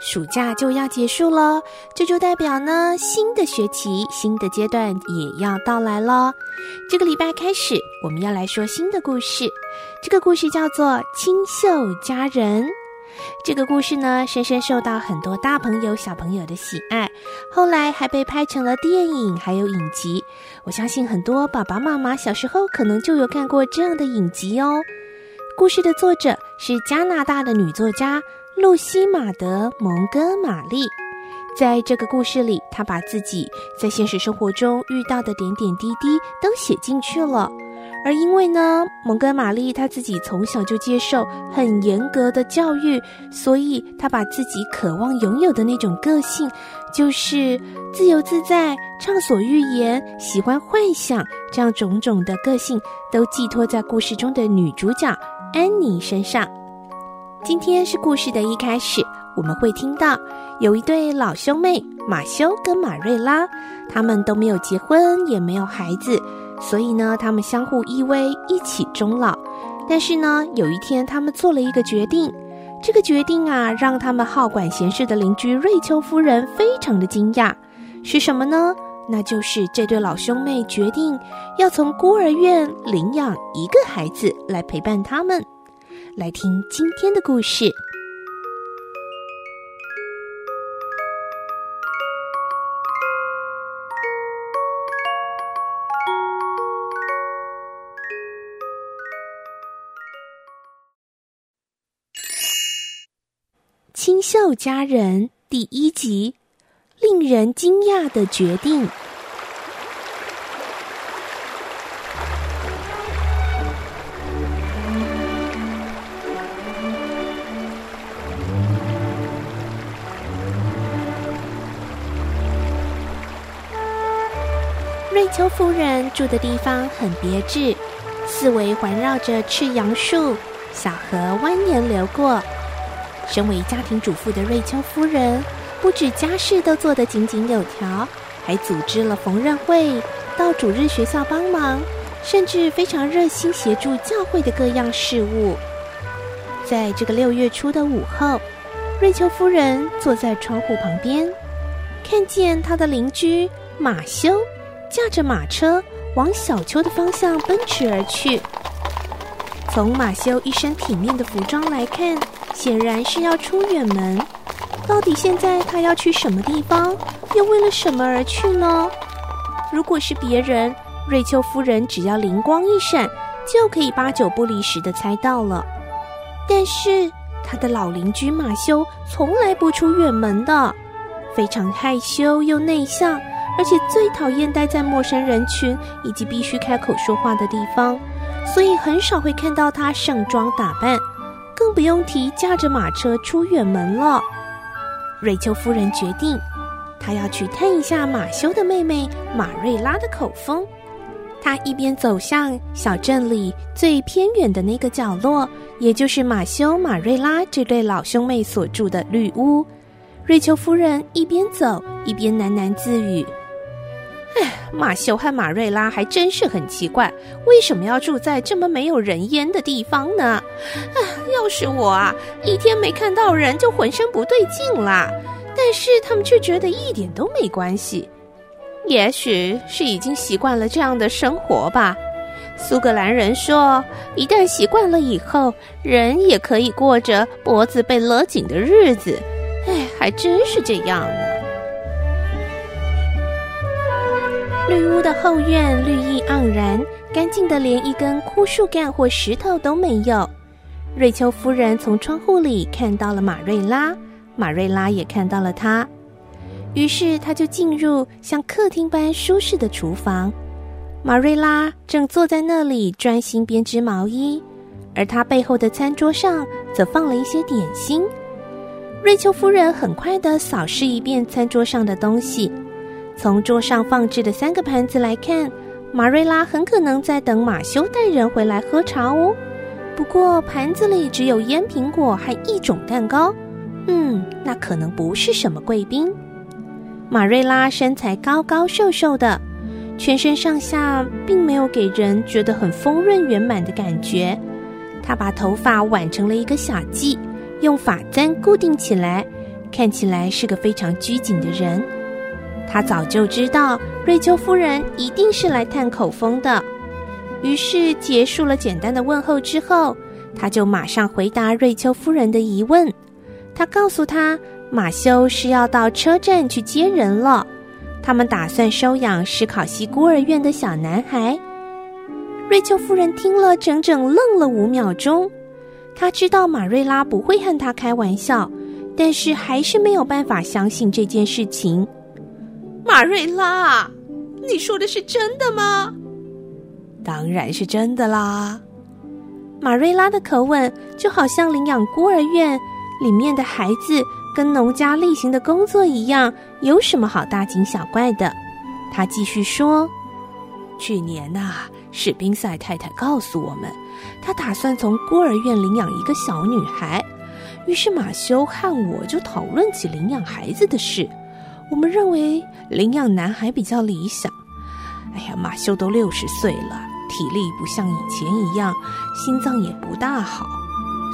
暑假就要結束了，這就代表呢，新的學期、新的階段也要到來咯。這個禮拜開始，我們要來說新的故事。這個故事叫做《清秀佳人》。這個故事呢，深深受到很多大朋友、小朋友的喜愛，後來還被拍成了電影，還有影集。我相信很多爸爸媽媽小時候可能就有看過這樣的影集哦。故事的作者是加拿大的女作家。露西·馬德·蒙哥馬利，在這個故事裡，她把自己在現實生活中遇到的點點滴滴都寫進去了。而因為呢，蒙哥馬利她自己從小就接受很嚴格的教育，所以她把自己渴望擁有的那種個性，就是自由自在、暢所欲言、喜歡幻想這樣種種的個性，都寄托在故事中的女主角安妮身上。今天是故事的一開始，我們會聽到有一對老兄妹馬修跟馬瑞拉，他們都沒有結婚，也沒有孩子，所以呢，他們相互依偎，一起終老。但是呢，有一天他們做了一個決定，這個決定啊，讓他們好管閒事的鄰居瑞秋夫人非常的驚訝，是什麼呢？那就是這對老兄妹決定要從孤兒院領養一個孩子來陪伴他們。來聽今天的故事，《清秀佳人》第一集，令人驚訝的決定。瑞秋夫人住的地方很別致，四圍環繞着赤楊樹，小河蜿蜒流過。身為家庭主婦的瑞秋夫人，不止家事都做得井井有條，還組織了縫紉會，到主日學校幫忙，甚至非常熱心協助教會的各樣事務。在這個六月初的午後，瑞秋夫人坐在窗戶旁邊，看見她的鄰居馬修，駕着馬車往小丘的方向奔馳而去。從馬修一身體面的服裝來看，顯然是要出遠門。到底現在他要去什麼地方，又為了什麼而去呢？如果是別人，瑞秋夫人只要靈光一閃，就可以八九不離十的猜到了。但是他的老鄰居馬修從來不出遠門的，非常害羞又內向。而且最討厭待在陌生人群以及必須開口說話的地方，所以很少會看到他盛裝打扮，更不用提駕着馬車出遠門了。瑞秋夫人決定，她要去探一下馬修的妹妹馬瑞拉的口風。她一邊走向小鎮裡最偏遠的那個角落，也就是馬修、馬瑞拉這對老兄妹所住的綠屋，瑞秋夫人一邊走一邊喃喃自語。哎，馬修和馬瑞拉還真是很奇怪，為什麼要住在這麼沒有人煙的地方呢？啊，要是我啊，一天沒看到人就渾身不對勁啦。但是他們卻覺得一點都沒關係，也許是已經習慣了這樣的生活吧。蘇格蘭人說，一旦習慣了以後，人也可以過着脖子被勒緊的日子。哎，還真是這樣呢。綠屋的後院綠意盎然，乾淨的連一根枯樹幹或石頭都沒有。瑞秋夫人從窗戶裡看到了馬瑞拉，馬瑞拉也看到了她。於是她就進入像客廳般舒適的廚房。馬瑞拉正坐在那裡專心編織毛衣，而她背後的餐桌上則放了一些點心。瑞秋夫人很快地掃視一遍餐桌上的東西。從桌上放置的三個盤子來看，馬瑞拉很可能在等馬修帶人回來喝茶哦。不過盤子裡只有醃蘋果和一種蛋糕，嗯，那可能不是什麼貴賓。馬瑞拉身材高高瘦瘦的，全身上下並沒有給人覺得很豐潤圓滿的感覺。她把頭髮挽成了一個小髻，用髮簪固定起來，看起來是個非常拘謹的人。他早就知道瑞秋夫人一定是來探口風的，於是結束了簡單的問候之後，他就馬上回答瑞秋夫人的疑問。他告訴他馬修是要到車站去接人了，他們打算收養史考西孤兒院的小男孩。瑞秋夫人聽了，整整愣了五秒鐘。他知道馬瑞拉不會和他開玩笑，但是還是沒有辦法相信這件事情。馬瑞拉，你說的是真的嗎？當然是真的啦。馬瑞拉的口吻就好像領養孤兒院裡面的孩子跟農家例行的工作一樣，有什麼好大驚小怪的？他繼續說：“去年吶、啊，史賓塞太太告訴我們，她打算從孤兒院領養一個小女孩，於是馬修和我就討論起領養孩子的事。”我們認為領養男孩比較理想。哎呀，馬修都六十歲了，體力不像以前一樣，心臟也不大好，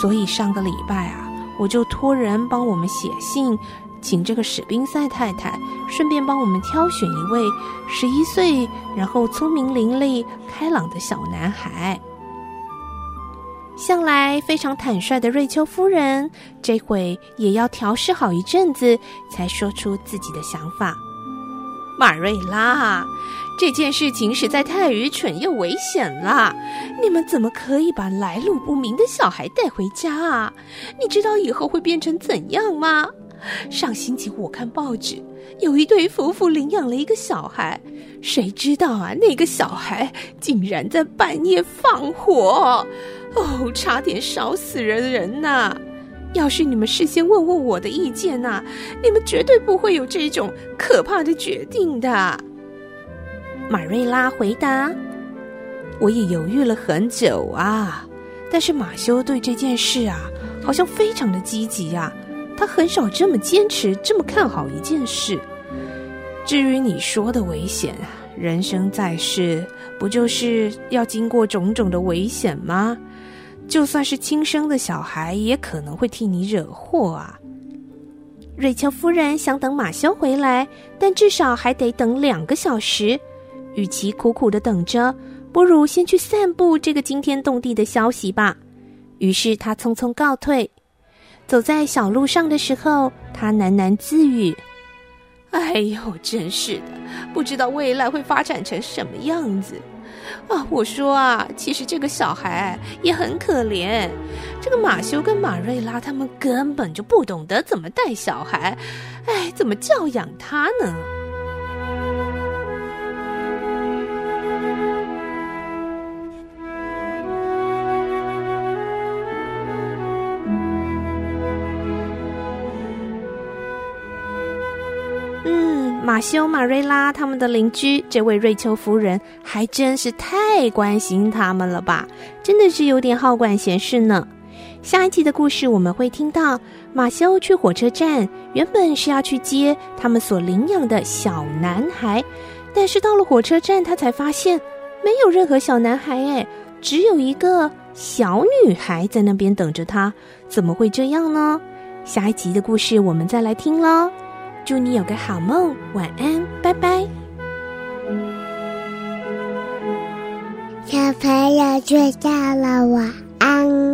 所以上個禮拜啊，我就托人幫我們寫信，請這個史賓塞太太順便幫我們挑選一位十一歲，然後聰明伶俐、開朗的小男孩。向來非常坦率的瑞秋夫人，這回也要調試好一陣子，才說出自己的想法。瑪瑞拉，這件事情實在太愚蠢又危險了，你們怎麼可以把來路不明的小孩帶回家啊？你知道以後會變成怎樣嗎？上星期我看報紙，有一對夫婦領養了一個小孩，誰知道啊，那個小孩竟然在半夜放火，哦，差點燒死人人、啊、吶！要是你們事先問問我的意見吶、啊，你們絕對不會有這種可怕的決定的。馬瑞拉回答：“我也猶豫了很久啊，但是馬修對這件事啊，好像非常的積極啊。”他很少這麼堅持，這麼看好一件事。至於你說的危險，人生在世，不就是要經過種種的危險嗎？就算是親生的小孩，也可能會替你惹禍啊。瑞秋夫人想等馬修回來，但至少還得等兩個小時。與其苦苦的等着，不如先去散佈這個驚天動地的消息吧。於是他匆匆告退。走在小路上的時候，他喃喃自語：“哎呦，真是的，不知道未來會發展成什麼樣子。啊，我說啊，其實這個小孩也很可憐，這個馬修跟馬瑞拉他們根本就不懂得怎麼帶小孩，哎，怎麼教養他呢？”嗯，馬修、馬瑞拉他們的鄰居，這位瑞秋夫人還真是太關心他們了吧，真的是有點好管閒事呢。下一集的故事我們會聽到馬修去火車站，原本是要去接他們所領養的小男孩，但是到了火車站他才發現沒有任何小男孩，誒，只有一個小女孩在那邊等着他，怎麼會這樣呢？下一集的故事我們再來聽嘍。祝你有個好夢，晚安，拜拜。小朋友睡覺了，晚安。